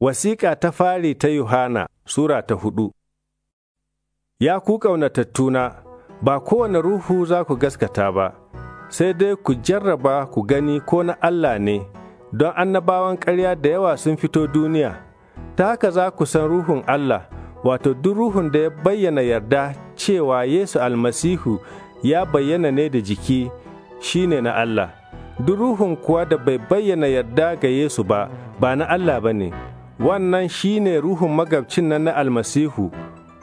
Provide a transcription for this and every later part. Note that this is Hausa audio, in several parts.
Wasiƙa ta fari ta Yohana Sura ta hudu Ya ku ƙaunatattuna, ba kowane ruhu za ku gaskata ba, sai dai ku jarraba ku gani ko na Allah ne, don annabawan ƙarya da yawa sun fito duniya, ta haka za ku san ruhun Allah, wato duk ruhun da ya bayyana yarda cewa Yesu almasihu ya bayyana ne da jiki shi ne na Allah, duk ruhun kuwa da bai bayyana yarda ga Yesu ba, ba na Allah ba ne. wannan shi ne ruhun magabcin nan na almasihu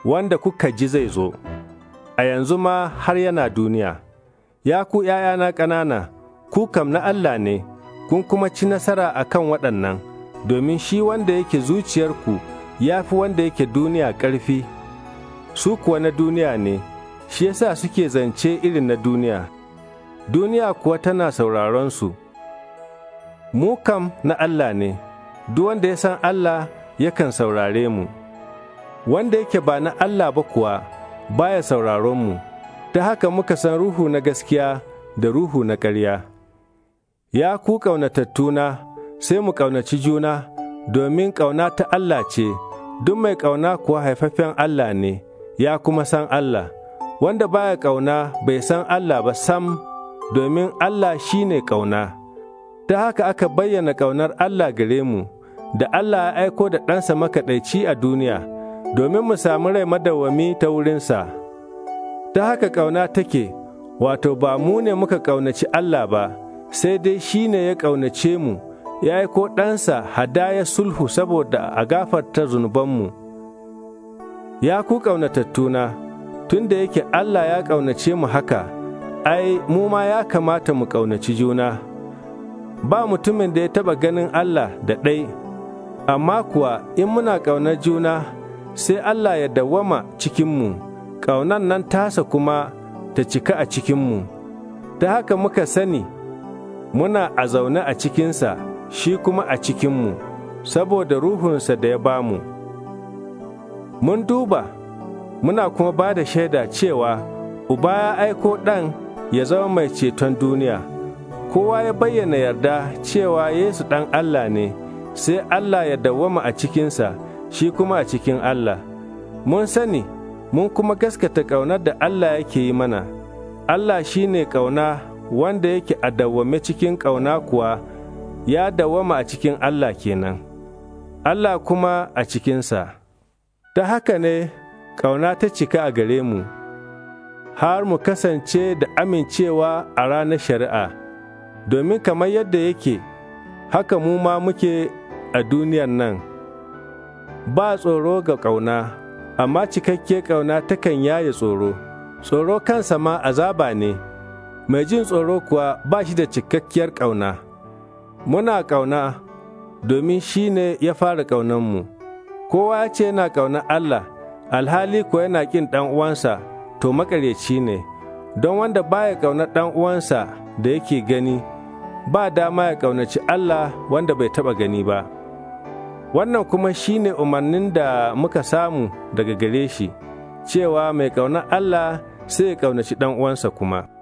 wanda kuka ji zai zo, a yanzu ma har yana duniya, ya ku ’ya'yana ƙanana, ku kam na Allah ne, kun kuma ci nasara a kan waɗannan, domin shi wanda yake zuciyarku ya fi wanda yake duniya ƙarfi, su kuwa na duniya ne, shi yasa suke zance irin na duniya, duniya kuwa tana sauraron su. Mu kam na Allah ne. duk wanda ya san Allah yakan saurare mu, wanda yake ba na Allah ba kuwa baya sauraron mu, ta haka muka san ruhu na gaskiya da ruhu na ƙarya. Ya ku ƙaunatattuna, sai mu ƙaunaci juna, domin ƙauna ta Allah ce, duk mai ƙauna kuwa haifaffen Allah ne, ya kuma san Allah. Wanda baya ƙauna bai san Allah ba sam, domin Allah shi ne ƙauna. Ta haka aka bayyana ƙaunar Allah gare mu. da Allah ya aiko da ɗansa makaɗaici a duniya, domin mu sami rai madawwami ta wurinsa. Ta haka ƙauna take, wato ba mu ne muka ƙaunaci Allah ba, sai dai shi ne ya ƙaunace mu, ya aiko ɗansa hadaya sulhu saboda a gafarta zunubanmu. Ya ku ƙaunatattuna, tun da yake Allah ya ƙaunace mu haka, ai, mu ma ya kamata mu ƙaunaci juna. ba mutumin da ya taɓa ganin Allah da ɗai, Amma kuwa in muna ƙaunar juna, sai Allah ya dawwama cikinmu, ƙaunar nan tasa kuma ta cika a cikinmu. Ta haka muka sani, muna a zaune a cikinsa, shi kuma a cikinmu, saboda ruhunsa da ya bamu. Mun duba, muna kuma ba da shaida cewa Uba ya aiko ɗan ya zama mai ceton duniya, kowa ya bayyana yarda cewa Yesu ɗan Allah ne. sai Allah ya dawwama a cikinsa shi kuma a cikin Allah. Mun sani, mun kuma gaskata ƙaunar da Allah yake yi mana, Allah shi ne ƙauna wanda yake a dawwame cikin ƙauna kuwa ya dawwama a cikin Allah kenan, Allah kuma a cikinsa. Ta haka ne, ƙauna ta cika a gare mu, har mu kasance da amincewa a ranar shari'a, domin kamar yadda yake. haka mu ma muke a duniyan nan, ba tsoro ga ƙauna, amma cikakke ƙauna takan yaye tsoro, tsoro kansa ma azaba ne, mai jin tsoro kuwa ba shi da cikakkiyar ƙauna. Muna ƙauna domin shi ne ya fara ƙaunanmu, kowa ya ce yana ƙaunar Allah, alhali kuwa yana ƙin ɗan uwansa, to maƙaryaci ne, don wanda baya ƙaunar ɗan uwansa da yake gani. ba dama ya ƙaunaci Allah wanda bai taɓa gani ba. Wannan kuma shi ne umarnin da muka samu daga gare shi, cewa mai ƙaunar Allah sai ya ƙaunaci uwansa kuma.